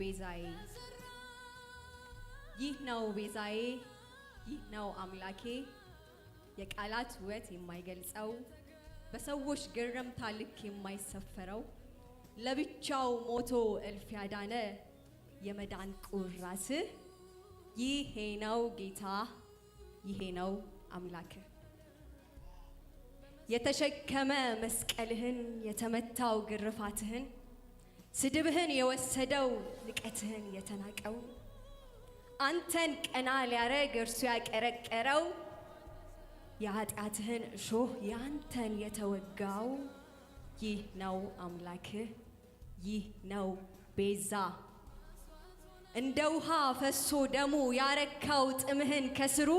ቤዛዬ፣ ይህ ነው ቤዛዬ፣ ይህ ነው አምላኬ። የቃላት ውበት የማይገልጸው በሰዎች ግርምታ ልክ የማይሰፈረው ለብቻው ሞቶ እልፍ ያዳነ የመዳን ቁራስህ ይሄ ነው ጌታ፣ ይሄ ነው አምላክ የተሸከመ መስቀልህን የተመታው ግርፋትህን ስድብህን የወሰደው ንቀትህን የተናቀው አንተን ቀና ሊያረግ እርሱ ያቀረቀረው የኃጢአትህን እሾህ ያንተን የተወጋው ይህ ነው አምላክህ፣ ይህ ነው ቤዛ። እንደ ውሃ ፈሶ ደሙ ያረካው ጥምህን ከስሩ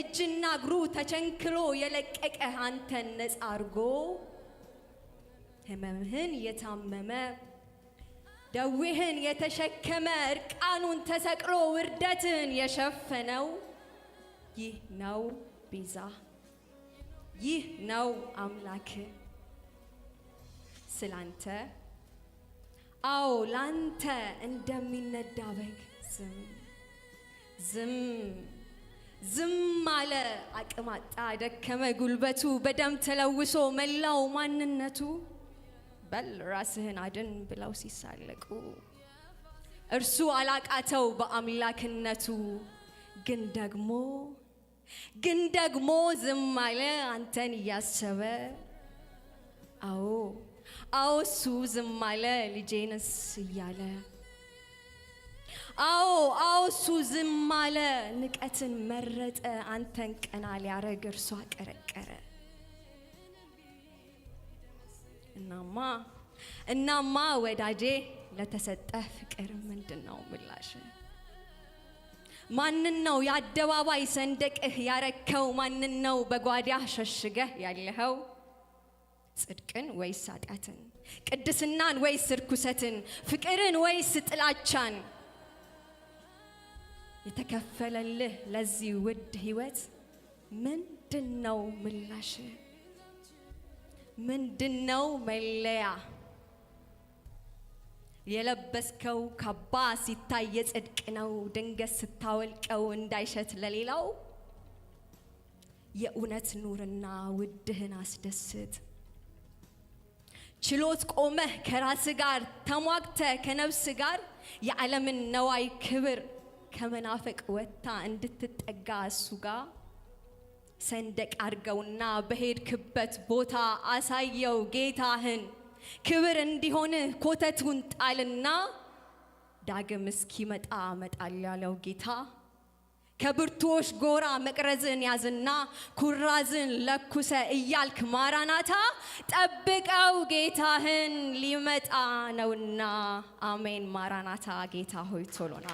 እጅና እግሩ ተቸንክሎ የለቀቀ አንተን ነፃ አርጎ ህመምህን የታመመ ደዌህን የተሸከመ እርቃኑን ተሰቅሎ ውርደትን የሸፈነው ይህ ነው ቤዛ፣ ይህ ነው አምላክ። ስላንተ አዎ፣ ላንተ እንደሚነዳ በግ ዝም ዝም ዝም አለ። አቅም አጣ፣ ደከመ ጉልበቱ፣ በደም ተለውሶ መላው ማንነቱ በል ራስህን አድን ብለው ሲሳለቁ እርሱ አላቃተው በአምላክነቱ ግን ደግሞ ግን ደግሞ ዝም አለ አንተን እያሰበ። አዎ አዎ እሱ ዝም አለ ልጄንስ እያለ። አዎ አዎ እሱ ዝም አለ ንቀትን መረጠ አንተን ቀና ሊያረግ እርሷ ቀረቀረ። እናማ እናማ ወዳጄ ለተሰጠ ፍቅር ምንድን ነው ምላሽ? ማንን ነው የአደባባይ ሰንደቅህ ያረከው? ማንን ነው በጓዳ ሸሽገህ ያለኸው? ጽድቅን ወይስ ኃጢአትን? ቅድስናን ወይስ እርኩሰትን? ፍቅርን ወይስ ጥላቻን? የተከፈለልህ ለዚህ ውድ ህይወት ምንድን ነው ምላሽ? ምንድነው መለያ? የለበስከው ካባ ሲታይ የጽድቅ ነው፣ ድንገት ስታወልቀው እንዳይሸት ለሌላው። የእውነት ኑርና ውድህን አስደስት። ችሎት ቆመህ ከራስ ጋር ተሟግተ ከነፍስ ጋር የዓለምን ነዋይ ክብር ከመናፈቅ ወታ እንድትጠጋ እሱ ጋር ሰንደቅ አድርገውና በሄድክበት ቦታ አሳየው ጌታህን። ክብር እንዲሆንህ ኮተቱን ጣልና ዳግም እስኪመጣ መጣል ያለው ጌታ ከብርቱዎች ጎራ መቅረዝን ያዝና ኩራዝን ለኩሰ እያልክ ማራናታ ጠብቀው ጌታህን ሊመጣ ነውና፣ አሜን። ማራናታ ጌታ ሆይ ቶሎና